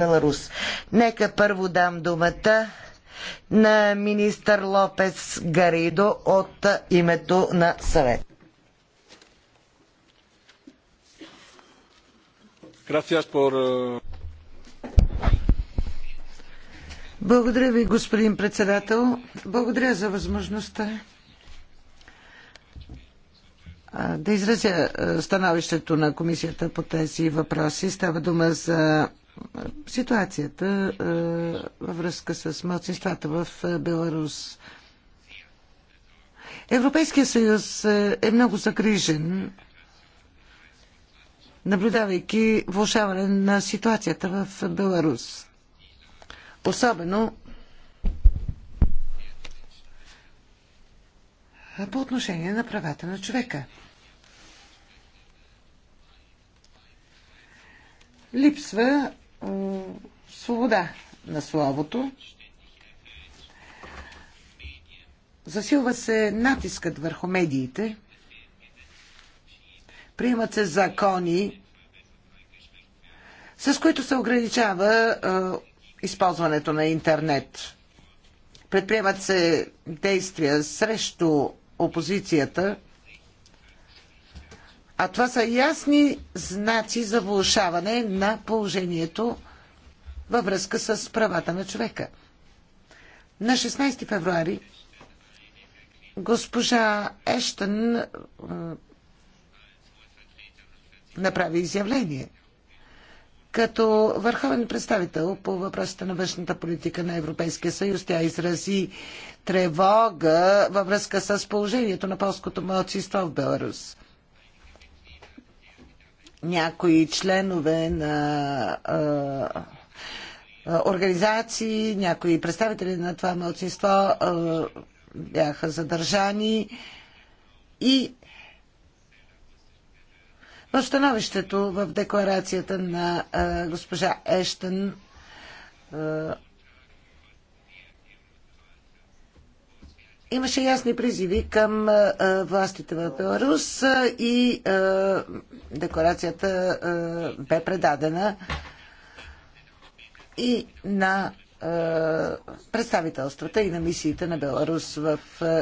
Беларус. Нека първо дам думата на министър Лопес Гаридо от името на съвет. Е, Благодаря ви, господин председател. Благодаря за възможността да изразя е, становището на комисията по тези въпроси. Става дума за ситуацията е, във връзка с младсинствата в е, Беларус. Европейския съюз е, е много загрижен, наблюдавайки влушаване на ситуацията в Беларус. Особено по отношение на правата на човека. Липсва свобода на словото. Засилва се натискът върху медиите. Приемат се закони, с които се ограничава е, използването на интернет. Предприемат се действия срещу опозицията а това са ясни знаци за влушаване на положението във връзка с правата на човека. На 16 февруари госпожа Ештън направи изявление като върховен представител по въпросите на външната политика на Европейския съюз, тя изрази тревога във връзка с положението на полското младсинство в Беларус някои членове на организации, някои представители на това мълцинство бяха задържани и в становището, в декларацията на госпожа Ештън Имаше ясни призиви към властите в Беларус и декларацията бе предадена и на представителствата и на мисиите на Беларус в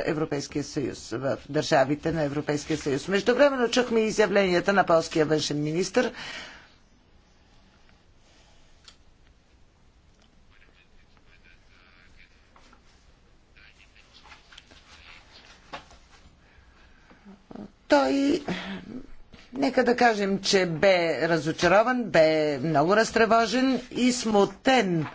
Европейския съюз, в държавите на Европейския съюз. Междувременно чухме изявленията на полския външен министр, Той, нека да кажем, че бе разочарован, бе много разтревожен и смутен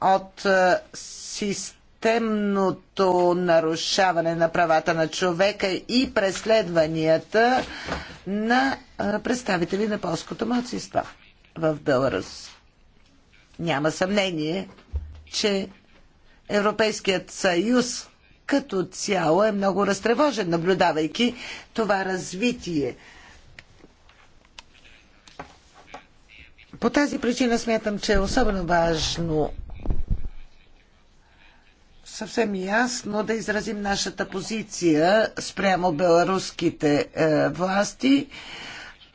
от е, системното нарушаване на правата на човека и преследванията на е, представители на полското младсинство в Беларус. Няма съмнение, че Европейският съюз като цяло е много разтревожен, наблюдавайки това развитие. По тази причина смятам, че е особено важно съвсем ясно да изразим нашата позиция спрямо беларуските е, власти,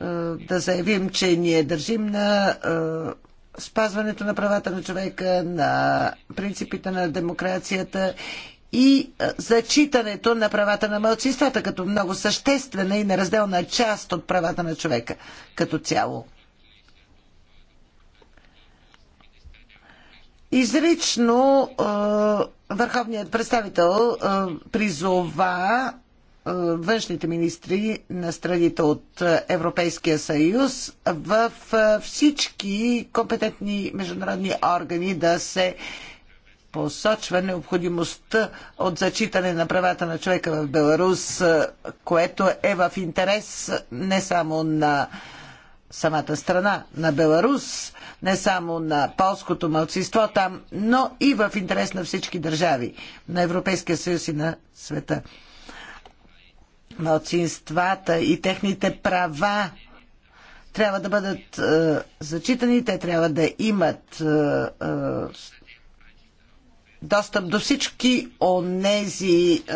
е, да заявим, че ние държим на е, спазването на правата на човека, на принципите на демокрацията и зачитането на правата на мълчинствата като много съществена и неразделна част от правата на човека като цяло. Изрично върховният представител призова външните министри на страните от Европейския съюз в всички компетентни международни органи да се посочва необходимостта от зачитане на правата на човека в Беларус, което е в интерес не само на самата страна, на Беларус, не само на полското мълцинство там, но и в интерес на всички държави, на Европейския съюз и на света. Малцинствата и техните права трябва да бъдат е, зачитани, те трябва да имат е, е, достъп до всички онези е,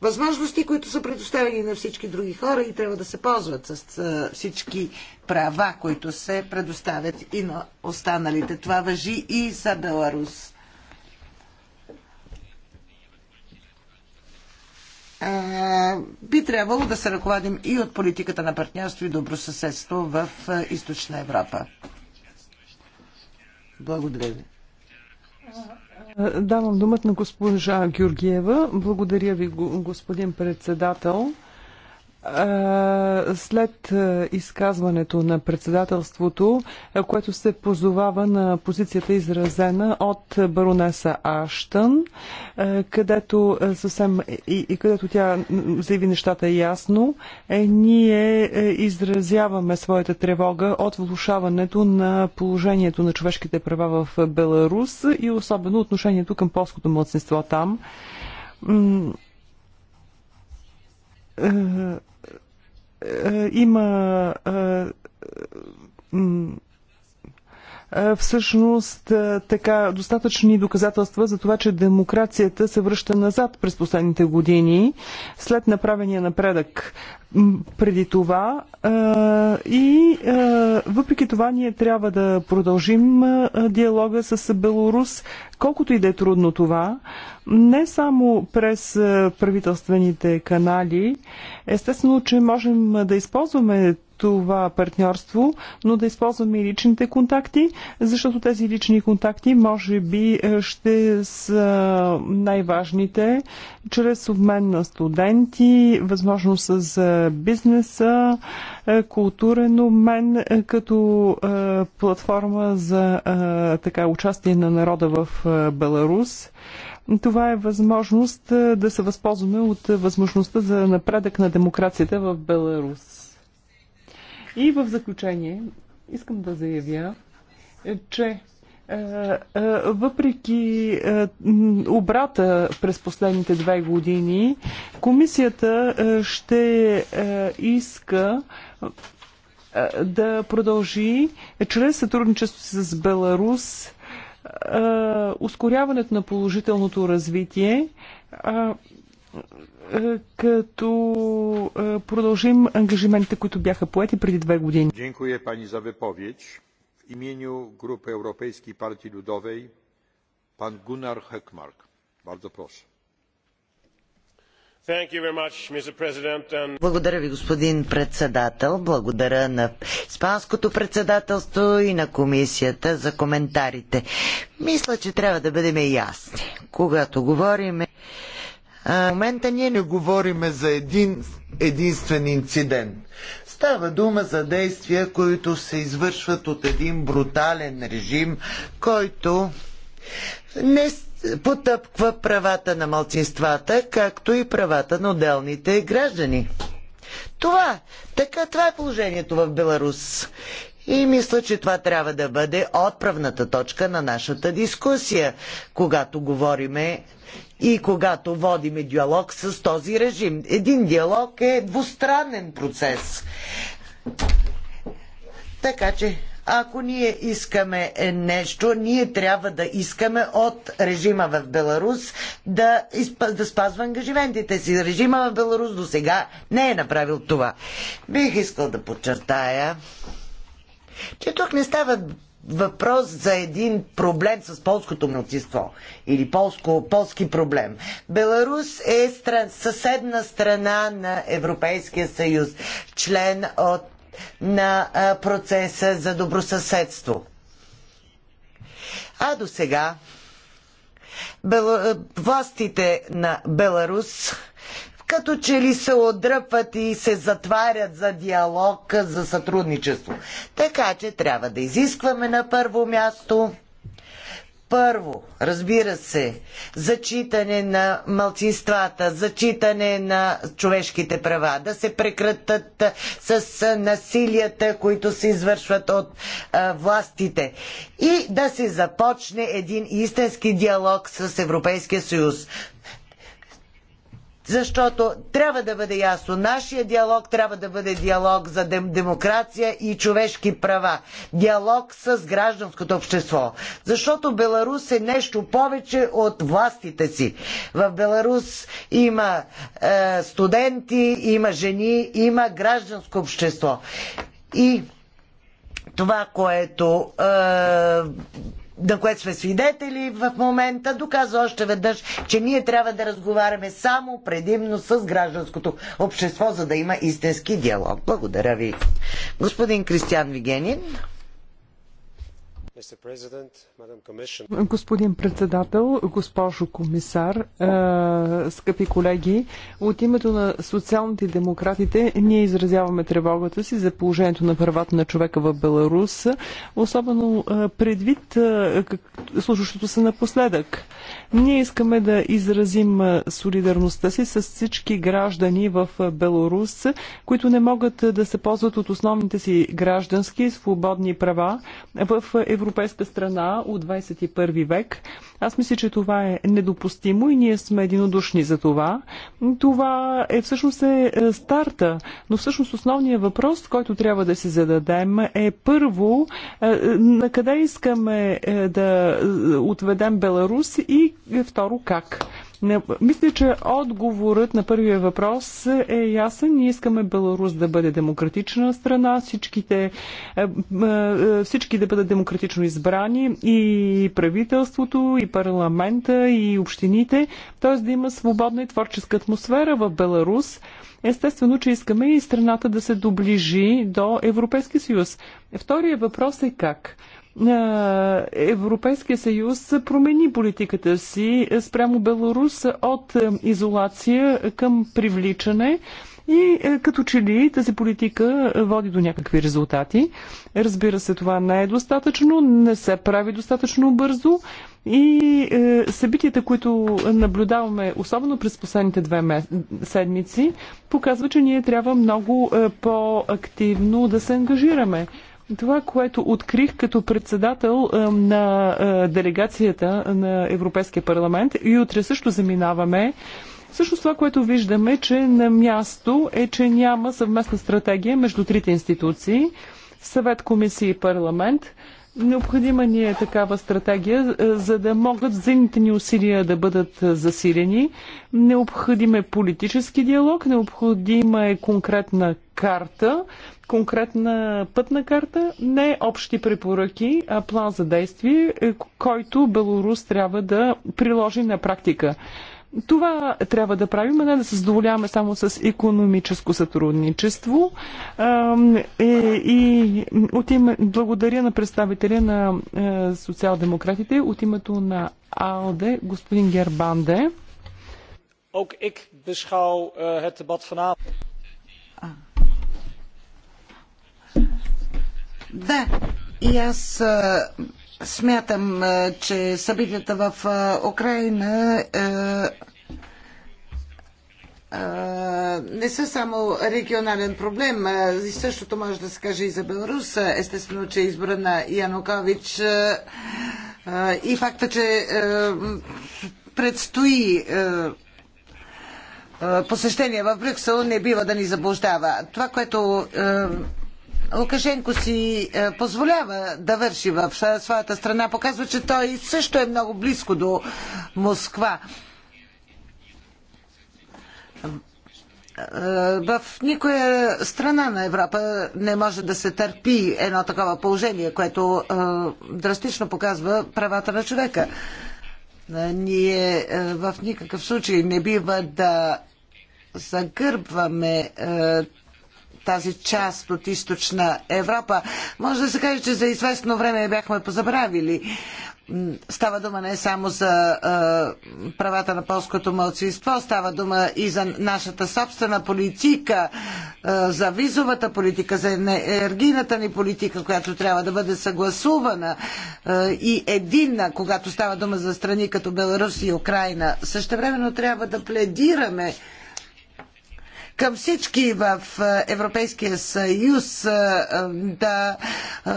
възможности, които са предоставени на всички други хора и трябва да се ползват с е, всички права, които се предоставят и на останалите. Това въжи и за Беларус. Е, би трябвало да се ръководим и от политиката на партньорство и добросъседство в е, Източна Европа. Благодаря ви. Давам думата на госпожа Георгиева. Благодаря ви, господин председател след изказването на председателството, което се позовава на позицията изразена от баронеса Аштън, където съвсем и, и където тя заяви нещата ясно, е, ние е, изразяваме своята тревога от влушаването на положението на човешките права в Беларус и особено отношението към полското младсинство там е, е, има е, всъщност така достатъчни доказателства за това, че демокрацията се връща назад през последните години след направения напредък преди това и въпреки това ние трябва да продължим диалога с Беларус, колкото и да е трудно това, не само през правителствените канали. Естествено, че можем да използваме това партньорство, но да използваме и личните контакти, защото тези лични контакти може би е, ще са най-важните чрез обмен на студенти, възможност за бизнеса, е, културен обмен е, като платформа за така участие на народа в Беларус това е възможност да се възползваме от възможността за напредък на демокрацията в Беларус. И в заключение искам да заявя, е, че е, е, въпреки обрата през последните две години, комисията ще иска да продължи чрез сътрудничество с Беларус ускоряването на положителното развитие като е, продължим ангажиментите, които бяха поети преди две години. Благодаря ви, господин председател. Благодаря на Испанското председателство и на комисията за коментарите. Мисля, че трябва да бъдем ясни. Когато говорим в момента ние не говориме за един единствен инцидент. Става дума за действия, които се извършват от един брутален режим, който не потъпква правата на малцинствата, както и правата на отделните граждани. Това, така, това е положението в Беларус. И мисля, че това трябва да бъде отправната точка на нашата дискусия, когато говориме и когато водиме диалог с този режим. Един диалог е двустранен процес. Така че, ако ние искаме нещо, ние трябва да искаме от режима в Беларус да, да спазва ангажиментите си. Режима в Беларус до сега не е направил това. Бих искал да подчертая, че тук не става въпрос за един проблем с полското мнозинство или полско, полски проблем. Беларус е стран, съседна страна на Европейския съюз, член от, на а, процеса за добросъседство. А до сега бел... властите на Беларус като че ли се отдръпват и се затварят за диалог, за сътрудничество. Така че трябва да изискваме на първо място първо, разбира се, зачитане на малцинствата, зачитане на човешките права, да се прекратат с насилията, които се извършват от а, властите и да се започне един истински диалог с Европейския съюз защото трябва да бъде ясно, нашия диалог трябва да бъде диалог за демокрация и човешки права. Диалог с гражданското общество. Защото Беларус е нещо повече от властите си. В Беларус има е, студенти, има жени, има гражданско общество. И това, което е, на което сме свидетели в момента, доказва още веднъж, че ние трябва да разговаряме само предимно с гражданското общество, за да има истински диалог. Благодаря ви. Господин Кристиан Вигенин. Господин председател, госпожо комисар, е, скъпи колеги, от името на социалните демократите ние изразяваме тревогата си за положението на правата на човека в Беларус, особено е, предвид е, служащото се напоследък. Ние искаме да изразим солидарността си с всички граждани в Беларус, които не могат да се ползват от основните си граждански свободни права в Европейския европейска страна от 21 век. Аз мисля, че това е недопустимо и ние сме единодушни за това. Това е всъщност е, е старта, но всъщност основният въпрос, който трябва да си зададем е първо е, на къде искаме е, да отведем Беларус и второ как. Мисля, че отговорът на първия въпрос е ясен. Ние искаме Беларус да бъде демократична страна, всичките, е, е, всички да бъдат демократично избрани и правителството, и парламента, и общините, т.е. да има свободна и творческа атмосфера в Беларус. Естествено, че искаме и страната да се доближи до Европейския съюз. Втория въпрос е как? Европейския съюз промени политиката си спрямо Беларус от е, изолация към привличане и е, като че ли тази политика води до някакви резултати. Разбира се, това не е достатъчно, не се прави достатъчно бързо и е, събитията, които наблюдаваме, особено през последните две седмици, показва, че ние трябва много по-активно да се ангажираме. Това, което открих като председател на е, делегацията на Европейския парламент и утре също заминаваме, също това, което виждаме, е, че на място е, че няма съвместна стратегия между трите институции съвет, комисия и парламент. Необходима ни е такава стратегия, е, за да могат взаимните ни усилия да бъдат е, засилени. Необходим е политически диалог, необходима е конкретна карта, конкретна пътна карта, не общи препоръки, а план за действие, е, който Беларус трябва да приложи на практика. Това трябва да правим, а не да се задоволяваме само с економическо сътрудничество. И, е, и от им, благодаря на представителя на е, социал-демократите от името на АЛДЕ, господин Гербанде. Ook ik beschouw е, het debat vanavond. Да, и аз Смятам, че събитията в Украина не са само регионален проблем. Същото може да се каже и за Беларус. Естествено, че е избора на Янукович и факта, че предстои посещение в Брюксел не бива да ни заблуждава. Това, което Лукашенко си е, позволява да върши в е, своята страна, показва, че той също е много близко до Москва. Е, в никоя страна на Европа не може да се търпи едно такова положение, което драстично показва правата на човека. Ние в никакъв случай не бива да загърбваме тази част от източна Европа. Може да се каже, че за известно време я бяхме позабравили. Става дума не само за правата на полското мълцинство, става дума и за нашата собствена политика, за визовата политика, за енергийната ни политика, която трябва да бъде съгласувана и единна, когато става дума за страни като Беларус и Украина. Същевременно трябва да пледираме към всички в е, Европейския съюз е, да е,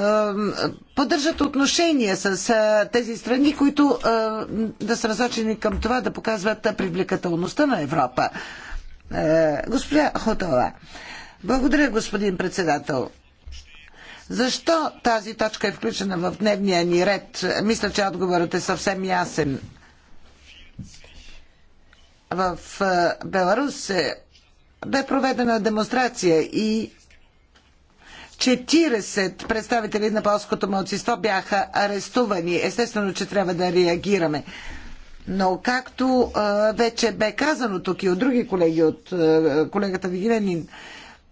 поддържат отношения с тези страни, които да са насочени към това да показват привлекателността на Европа. Госпожа Хотова, благодаря, господин председател. Защо тази точка е включена в дневния ни ред? Мисля, че отговорът е съвсем ясен. В Беларус се бе проведена демонстрация и 40 представители на полското младсинство бяха арестувани. Естествено, че трябва да реагираме. Но както вече бе казано тук и от други колеги, от колегата Вигиленин,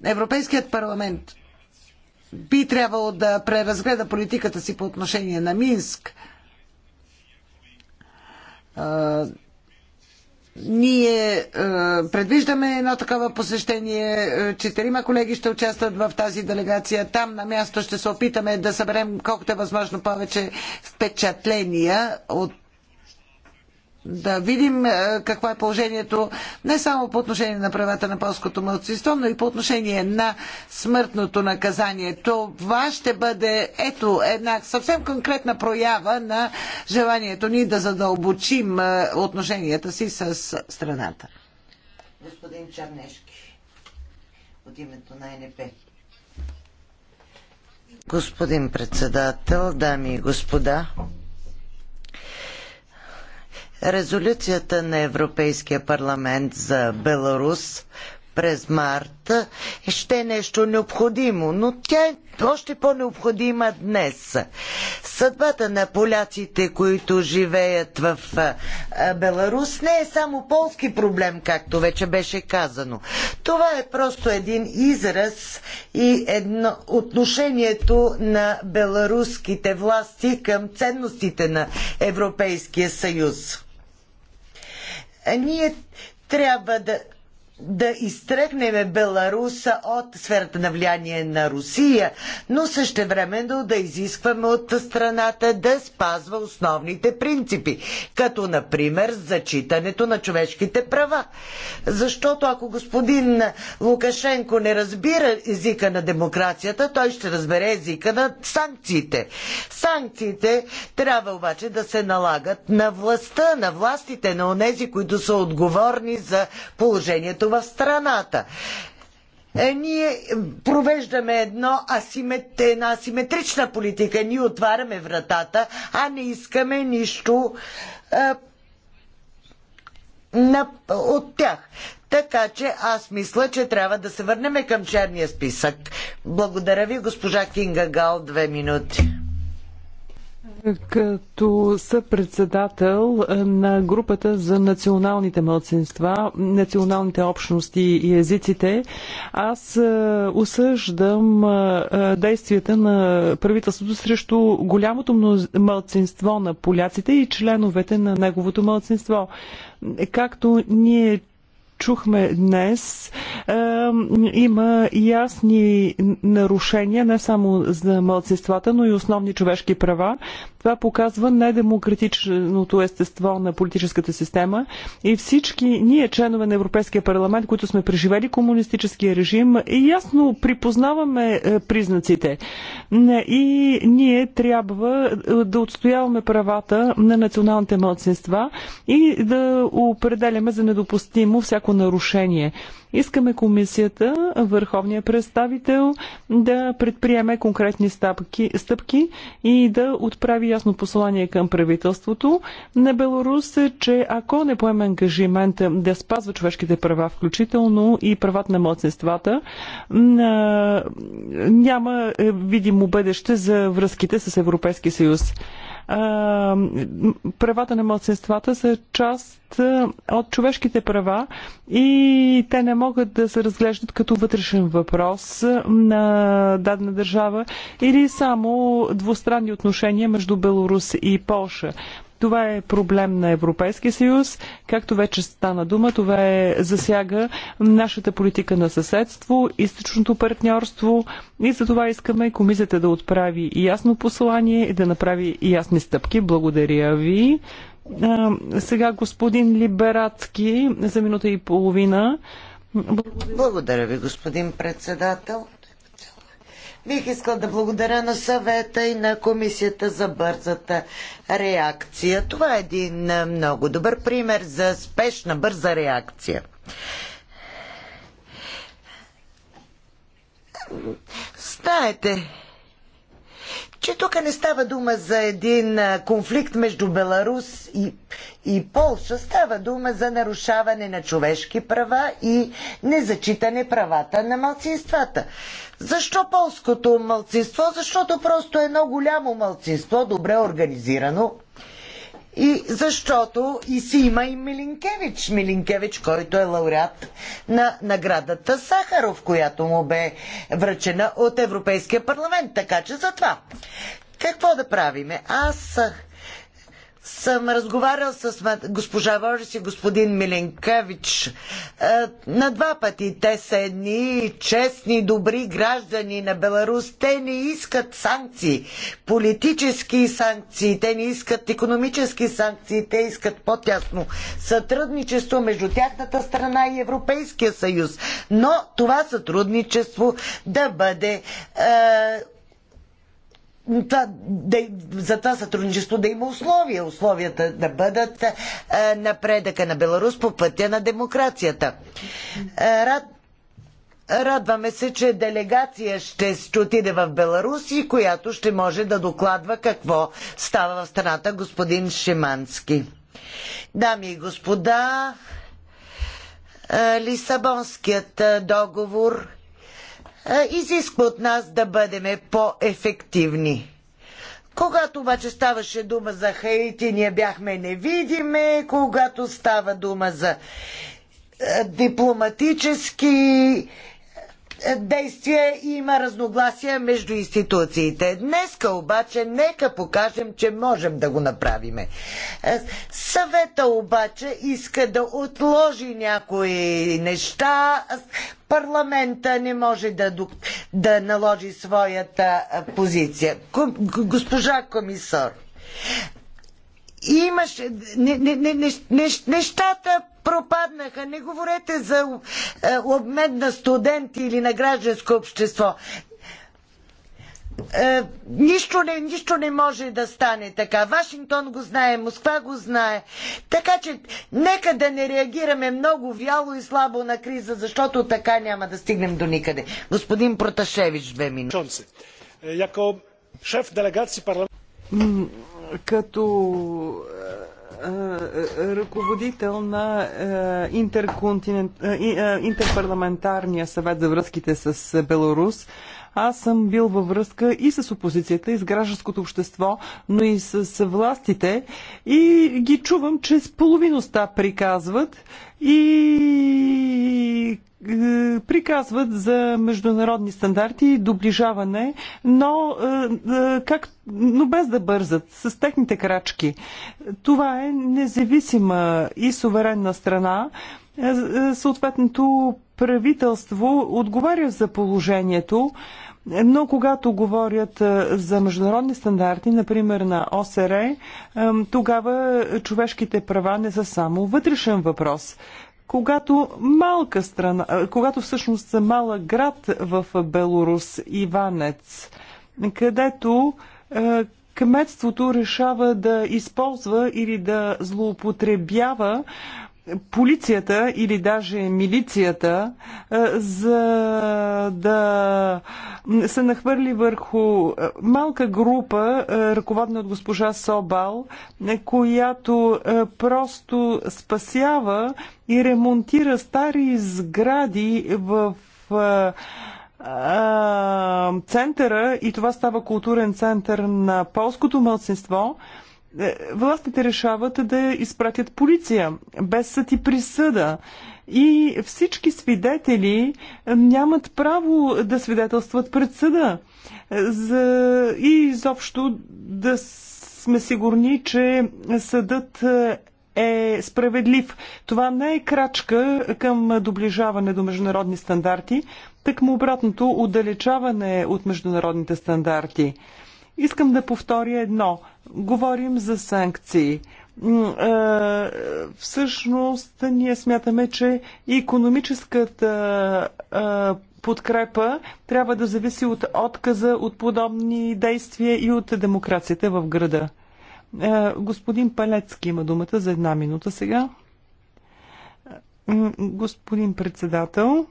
Европейският парламент би трябвало да преразгледа политиката си по отношение на Минск ние е, предвиждаме едно такова посещение. Е, четирима колеги ще участват в тази делегация. Там на място ще се опитаме да съберем колкото е възможно повече впечатления от да видим е, какво е положението не само по отношение на правата на полското младсинство, но и по отношение на смъртното наказание. Това ще бъде ето една съвсем конкретна проява на желанието ни да задълбочим е, отношенията си с страната. Господин Чернешки, от името на НП. Господин председател, дами и господа, Резолюцията на Европейския парламент за Беларус през март ще е нещо необходимо, но тя е още по-необходима днес. Съдбата на поляците, които живеят в Беларус, не е само полски проблем, както вече беше казано. Това е просто един израз и едно отношението на беларуските власти към ценностите на Европейския съюз ние трябва да да изтръгнем Беларуса от сферата на влияние на Русия, но същевременно да изискваме от страната да спазва основните принципи, като например зачитането на човешките права. Защото ако господин Лукашенко не разбира езика на демокрацията, той ще разбере езика на санкциите. Санкциите трябва обаче да се налагат на властта, на властите, на онези, които са отговорни за положението положението в страната. Е, ние провеждаме едно асимет, една асиметрична политика. Ние отваряме вратата, а не искаме нищо е, на, от тях. Така че аз мисля, че трябва да се върнем към черния списък. Благодаря ви, госпожа Кинга Гал, две минути. Като съпредседател е, на групата за националните мълцинства, националните общности и езиците, аз е, осъждам е, действията на правителството срещу голямото мълцинство на поляците и членовете на неговото мълцинство. Както ние чухме днес, е, има ясни нарушения не само за младсинствата, но и основни човешки права. Това показва недемократичното естество на политическата система и всички ние, членове на Европейския парламент, които сме преживели комунистическия режим, ясно припознаваме е, признаците. И ние трябва е, да отстояваме правата на националните младсинства и да определяме за недопустимо всяко всяко нарушение. Искаме комисията, върховния представител, да предприеме конкретни стъпки, стъпки и да отправи ясно послание към правителството на Беларус, че ако не поеме ангажимент да спазва човешките права, включително и правата на младсенствата, няма е, видимо бъдеще за връзките с Европейския съюз правата на младсинствата са част от човешките права и те не могат да се разглеждат като вътрешен въпрос на дадена държава или само двустранни отношения между Беларус и Полша. Това е проблем на Европейския съюз. Както вече стана дума, това е засяга нашата политика на съседство, източното партньорство и за това искаме комисията да отправи ясно послание и да направи ясни стъпки. Благодаря ви. Сега господин Либератски за минута и половина. Благодаря ви, господин председател. Бих искал да благодаря на съвета и на комисията за бързата реакция. Това е един е, много добър пример за спешна бърза реакция. Знаете, че тук не става дума за един конфликт между Беларус и, и Полша, става дума за нарушаване на човешки права и незачитане правата на малцинствата. Защо полското малцинство? Защото просто е едно голямо малцинство, добре организирано, и защото и си има и Милинкевич. Милинкевич, който е лауреат на наградата Сахаров, която му бе връчена от Европейския парламент. Така че за това. Какво да правиме? Аз съм разговарял с госпожа Ворис и господин Миленкевич е, на два пъти. Те са едни честни, добри граждани на Беларус. Те не искат санкции, политически санкции, те не искат економически санкции, те искат по-тясно сътрудничество между тяхната страна и Европейския съюз. Но това сътрудничество да бъде е, това, да, за това сътрудничество да има условия. Условията да бъдат е, напредъка на Беларус по пътя на демокрацията. Е, рад, радваме се, че делегация ще отиде в Беларус и която ще може да докладва какво става в страната господин Шимански. Дами и господа, е, Лисабонският договор изисква от нас да бъдем по-ефективни. Когато обаче ставаше дума за Хаити, ние бяхме невидими, когато става дума за дипломатически действия и има разногласия между институциите. Днеска обаче нека покажем, че можем да го направим. Е, съвета обаче иска да отложи някои неща. Парламента не може да, да наложи своята е, позиция. Госпожа комисар, имаше не, не, не, нещата пропаднаха. Не говорете за е, обмен на студенти или на гражданско общество. Е, нищо, не, нищо не може да стане така. Вашингтон го знае, Москва го знае. Така че нека да не реагираме много вяло и слабо на криза, защото така няма да стигнем до никъде. Господин Проташевич, две минути. Е, като е, ръководител на интерконтинент... Интерпарламентарния съвет за връзките с Беларус. Аз съм бил във връзка и с опозицията, и с гражданското общество, но и с властите и ги чувам, че с половиността приказват и е, приказват за международни стандарти и доближаване, но, е, е, как, но без да бързат, с техните крачки. Това е независима и суверенна страна, е, е, съответното правителство отговаря за положението, но когато говорят е, за международни стандарти, например на ОСР, тогава човешките права не са само вътрешен въпрос. Когато малка страна, когато всъщност малък град в Белорус, Иванец, където кметството решава да използва или да злоупотребява полицията или даже милицията, е, за да се нахвърли върху е, малка група, е, ръководна от госпожа Собал, която просто спасява и ремонтира стари сгради в центъра и това става културен център на полското мълцинство. Е, властите решават да изпратят полиция без съд и присъда. И всички свидетели е, нямат право да свидетелстват пред съда е, за... и изобщо да сме сигурни, че съдът е справедлив. Това не е крачка към доближаване до международни стандарти, тъкмо обратното отдалечаване от международните стандарти. Искам да повторя едно. Говорим за санкции всъщност ние смятаме, че економическата подкрепа трябва да зависи от отказа от подобни действия и от демокрацията в града. Господин Палецки има думата за една минута сега. Господин председател,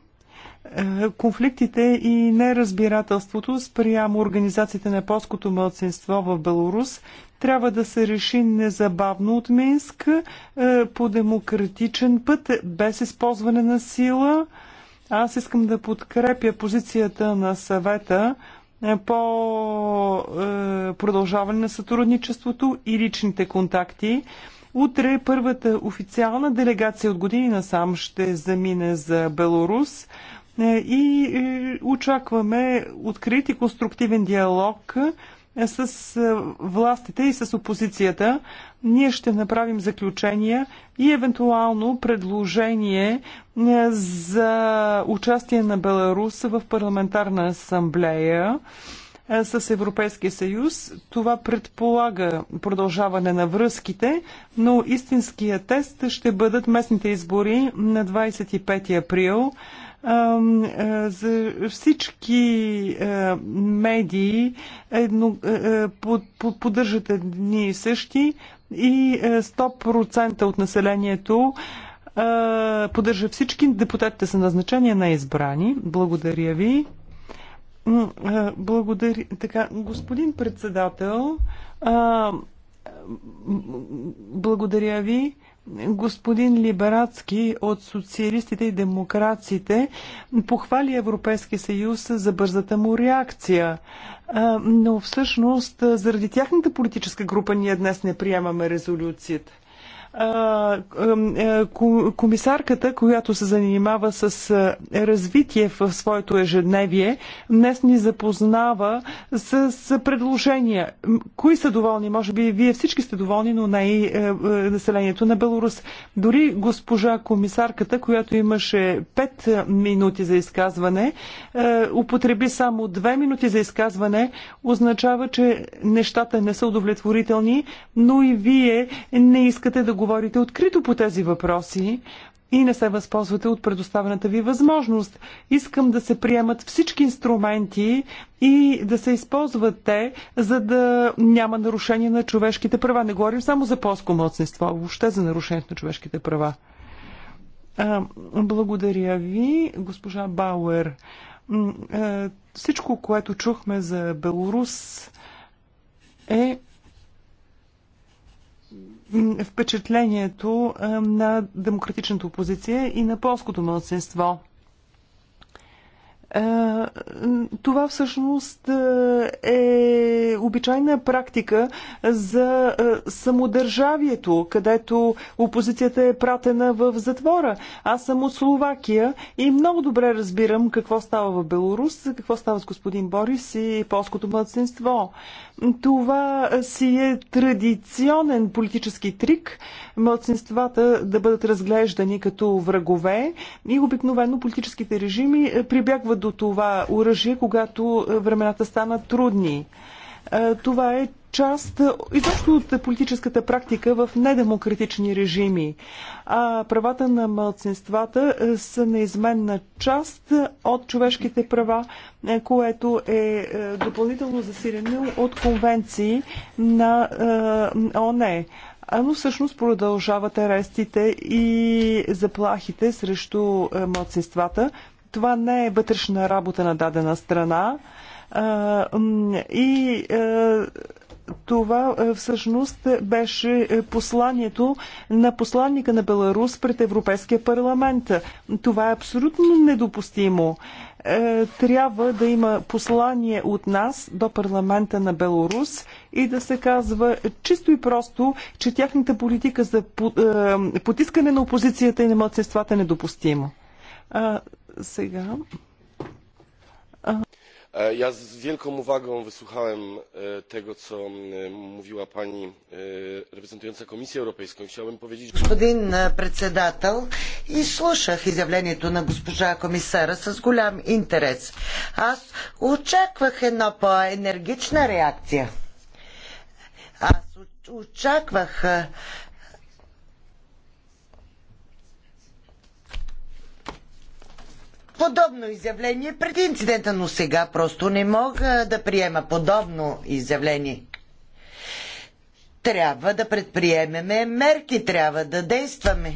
е, конфликтите и неразбирателството спрямо организациите на полското младсинство в Беларус трябва да се реши незабавно от Минск е, по демократичен път, без използване на сила. Аз искам да подкрепя позицията на съвета е, по продължаване на сътрудничеството и личните контакти. Утре първата официална делегация от години насам ще замине за Беларус и е, очакваме открит и конструктивен диалог е, с е, властите и с опозицията. Ние ще направим заключения и евентуално предложение за участие на Беларус в парламентарна асамблея с Европейския съюз. Това предполага продължаване на връзките, но истинския тест ще бъдат местните избори на 25 април за всички медии едно, поддържат едни и същи и 100% от населението поддържа всички. Депутатите са назначения на избрани. Благодаря ви. Благодаря. Така, господин председател, благодаря ви господин Либерацки от социалистите и демокраците похвали Европейския съюз за бързата му реакция. Но всъщност заради тяхната политическа група ние днес не приемаме резолюцията. Е, комисарката, която се занимава с е, развитие в своето ежедневие, днес ни запознава с предложения. Кои са доволни? Може би вие всички сте доволни, но не и е, населението на Беларус. Дори госпожа комисарката, която имаше 5 минути за изказване, употреби само 2 минути за изказване, означава, че нещата не са удовлетворителни, но и вие не искате да го говорите открито по тези въпроси и не се възползвате от предоставената ви възможност. Искам да се приемат всички инструменти и да се използват те, за да няма нарушение на човешките права. Не говорим само за плоско младсинство, а въобще за нарушението на човешките права. благодаря ви, госпожа Бауер. всичко, което чухме за Беларус е впечатлението е, на демократичната опозиция и на полското младсенство. Е, това всъщност е, е обичайна практика за е, самодържавието, където опозицията е пратена в затвора. Аз съм от Словакия и много добре разбирам какво става в Беларус, какво става с господин Борис и полското младсинство. Това си е традиционен политически трик, младсинствата да бъдат разглеждани като врагове и обикновено политическите режими е, прибягват до това оръжие, когато е, времената станат трудни. Е, това е част изобщо от политическата практика в недемократични режими. А правата на младсинствата са неизменна част от човешките права, което е допълнително засилено от конвенции на ОНЕ но всъщност продължават арестите и заплахите срещу е, младсинствата. Това не е вътрешна работа на дадена страна и е, това е, всъщност беше е, посланието на посланника на Беларус пред Европейския парламент. Това е абсолютно недопустимо. Е, трябва да има послание от нас до парламента на Беларус и да се казва чисто и просто, че тяхната политика за потискане на опозицията и на младсинствата е недопустимо. А, сега. А... E, ja z wielką uwagą wysłuchałem e, tego co e, mówiła pani reprezentująca komisję europejską i chciałbym powiedzieć Господин председател, изслушах изявлението на госпожа комисара с голям интерес. Аз очаквах една по-енергична реакция. Аз очаквах е, подобно изявление преди инцидента, но сега просто не мога да приема подобно изявление. Трябва да предприемеме мерки, трябва да действаме.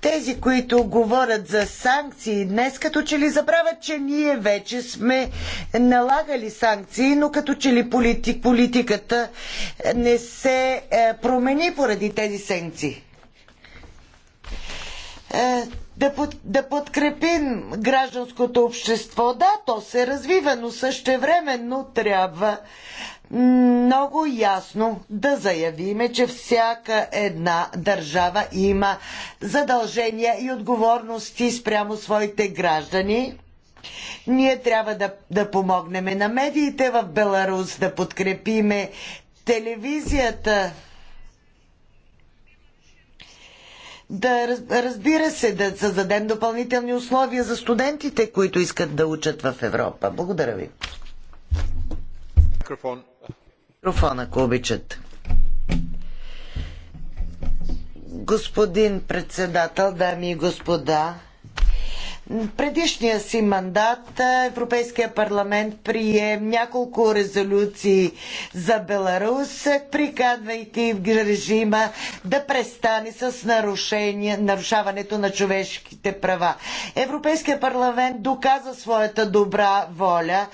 Тези, които говорят за санкции днес, като че ли забравят, че ние вече сме налагали санкции, но като че ли политик, политиката не се е, промени поради тези санкции. Е, да, под, да подкрепим гражданското общество. Да, то се развива, но същевременно трябва много ясно да заявиме, че всяка една държава има задължения и отговорности спрямо своите граждани. Ние трябва да, да помогнем на медиите в Беларус, да подкрепиме телевизията, да разбира се, да създадем допълнителни условия за студентите, които искат да учат в Европа. Благодаря ви. Микрофон. Микрофон, ако обичат. Господин председател, дами и господа, предишния си мандат Европейския парламент прие няколко резолюции за Беларус, приканвайки режима да престане с нарушаването на човешките права. Европейския парламент доказа своята добра воля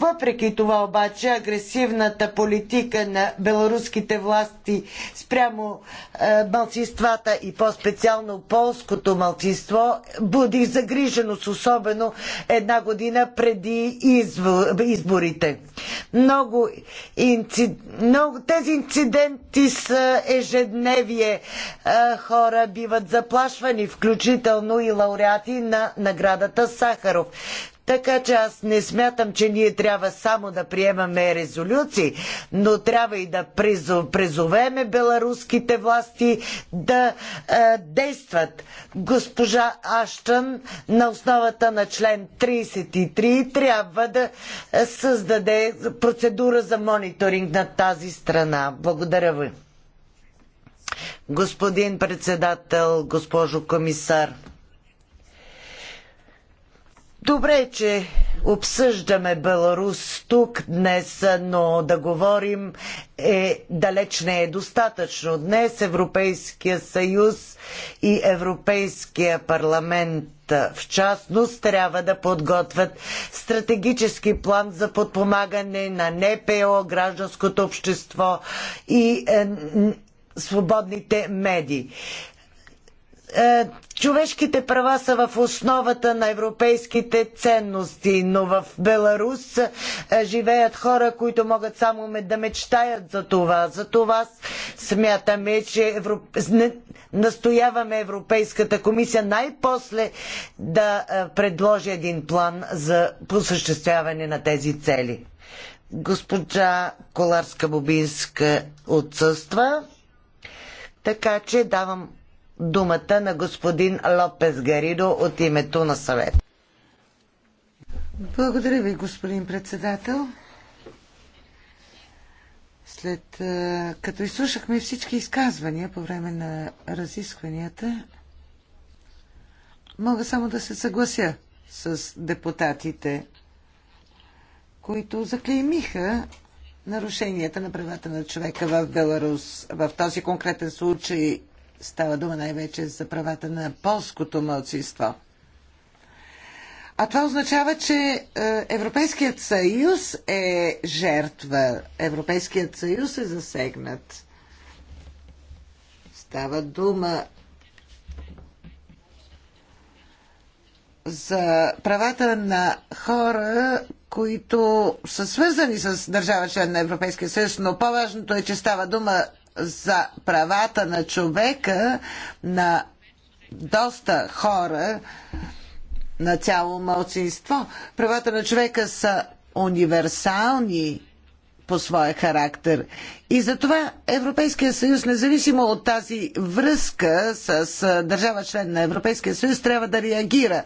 въпреки това обаче агресивната политика на беларуските власти спрямо е, малцинствата и по-специално полското малцинство буди загриженост, особено една година преди изборите. Много, инци... Много... тези инциденти са ежедневие. Е, хора биват заплашвани, включително и лауреати на наградата Сахаров. Така че аз не смятам, че ние трябва само да приемаме резолюции, но трябва и да призовеме беларуските власти да е, действат. Госпожа Аштън на основата на член 33 трябва да създаде процедура за мониторинг на тази страна. Благодаря ви. Господин председател, госпожо комисар. Добре, че обсъждаме Беларус тук днес, но да говорим е, далеч не е достатъчно. Днес Европейския съюз и Европейския парламент в частност трябва да подготвят стратегически план за подпомагане на НПО, гражданското общество и е, свободните медии. Е, човешките права са в основата на европейските ценности, но в Беларус е, живеят хора, които могат само да мечтаят за това. За това смятаме, че Европ... настояваме Европейската комисия най-после да е, предложи един план за осъществяване на тези цели. Госпожа Коларска-Бобинска отсъства, така че давам думата на господин Лопес Гаридо от името на съвет. Благодаря ви, господин председател. След като изслушахме всички изказвания по време на разискванията, мога само да се съглася с депутатите, които заклеймиха нарушенията на правата на човека в Беларус. В този конкретен случай Става дума най-вече за правата на полското мълцинство. А това означава, че е, Европейският съюз е жертва. Европейският съюз е засегнат. Става дума за правата на хора, които са свързани с държава член на Европейския съюз, но по-важното е, че става дума за правата на човека на доста хора, на цяло мълцинство. Правата на човека са универсални по своя характер. И затова Европейския съюз, независимо от тази връзка с държава член на Европейския съюз, трябва да реагира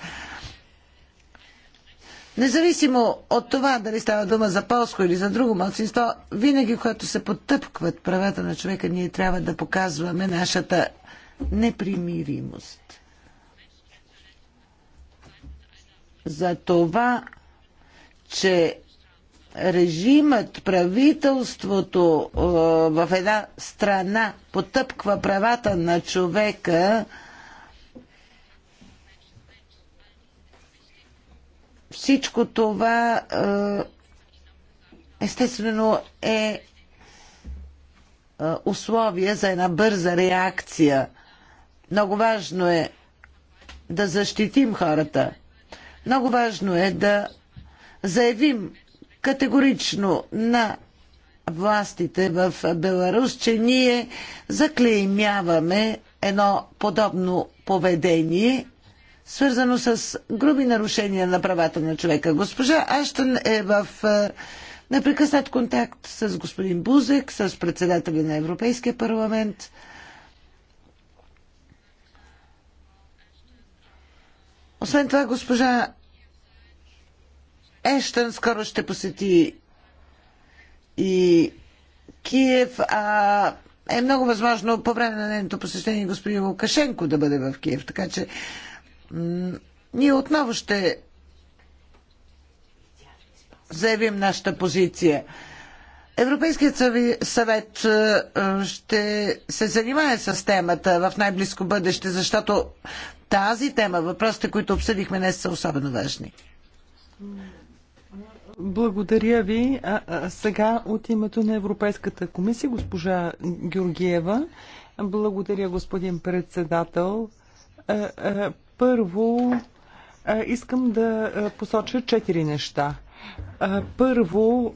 Независимо от това дали става дума за полско или за друго младсинство, винаги, когато се потъпкват правата на човека, ние трябва да показваме нашата непримиримост. За това, че режимът, правителството е, в една страна потъпква правата на човека, Всичко това естествено е условие за една бърза реакция. Много важно е да защитим хората. Много важно е да заявим категорично на властите в Беларус, че ние заклеймяваме едно подобно поведение свързано с груби нарушения на правата на човека. Госпожа Аштън е в е, непрекъснат контакт с господин Бузек, с председателя на Европейския парламент. Освен това, госпожа Ештън скоро ще посети и Киев, а е много възможно по време на нейното посещение господин Лукашенко да бъде в Киев. Така че ние отново ще заявим нашата позиция. Европейският съвет е, ще се занимае с темата в най-близко бъдеще, защото тази тема, въпросите, които обсъдихме днес, са особено важни. Благодаря ви. А, а, сега от името на Европейската комисия, госпожа Георгиева. Благодаря, господин председател. А, е, е, първо, искам да посоча четири неща. Първо,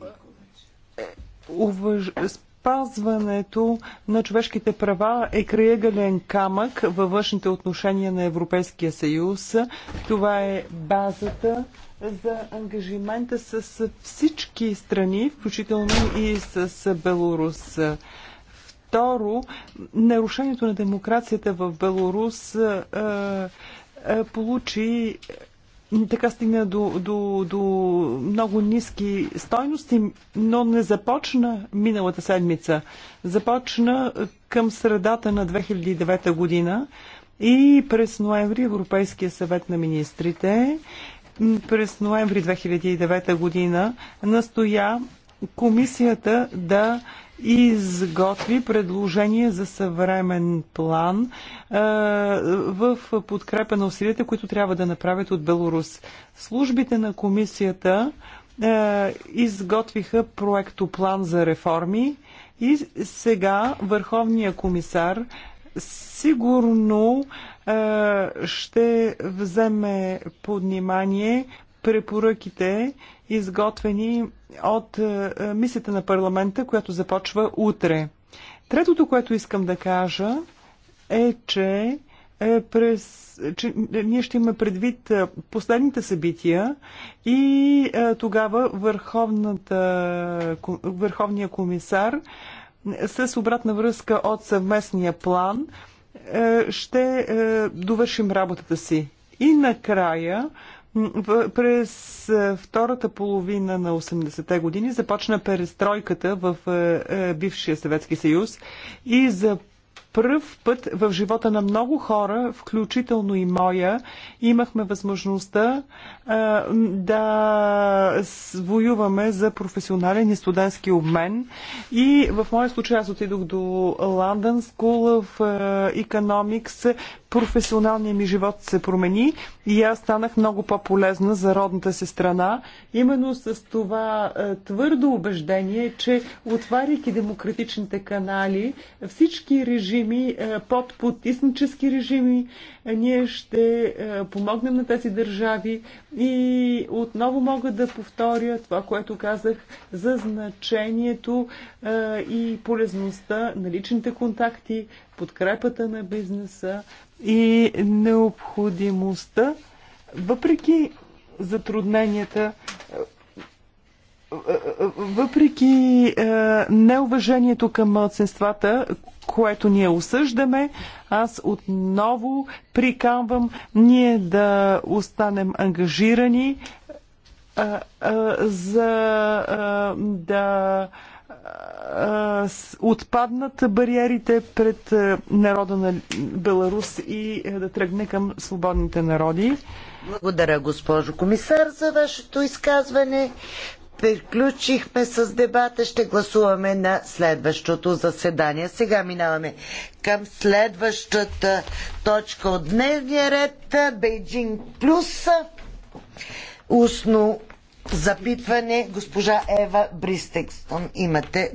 е, уваж... спазването на човешките права е криегален камък във външните отношения на Европейския съюз. Това е базата за ангажимента с всички страни, включително и с Беларус. Второ, нарушението на демокрацията в Беларус е, е, получи е, така стигна до, до, до много ниски стойности, но не започна миналата седмица. Започна е, към средата на 2009 година и през ноември Европейския съвет на министрите през ноември 2009 година настоя комисията да изготви предложение за съвремен план е, в подкрепа на усилията, които трябва да направят от Беларус. Службите на комисията е, изготвиха проекто План за реформи и сега Върховния комисар сигурно е, ще вземе под внимание препоръките, изготвени от е, е, мисията на парламента, която започва утре. Третото, което искам да кажа, е, че е, през, че ние ще имаме предвид последните събития и е, тогава върховната, върховния комисар с обратна връзка от съвместния план е, ще е, довършим работата си. И накрая през е, втората половина на 80-те години започна перестройката в е, е, бившия Съветски съюз и за пръв път в живота на много хора, включително и моя, имахме възможността а, да воюваме за професионален и студентски обмен. И в моя случай аз отидох до London School of Economics. Професионалният ми живот се промени и аз станах много по-полезна за родната си страна. Именно с това твърдо убеждение, че отваряйки демократичните канали, всички режими режими, е, под потиснически режими. Е, ние ще е, помогнем на тези държави и отново мога да повторя това, което казах за значението и полезността на личните контакти, подкрепата на бизнеса и необходимостта, въпреки затрудненията въпреки е, неуважението към младсенствата, което ние осъждаме, аз отново приканвам ние да останем ангажирани е, е, за е, да е, отпаднат бариерите пред е, народа на Беларус и е, да тръгне към свободните народи. Благодаря, госпожо комисар, за вашето изказване приключихме с дебата. Ще гласуваме на следващото заседание. Сега минаваме към следващата точка от дневния ред. Бейджинг Плюс. Устно запитване. Госпожа Ева Бристекстон. Имате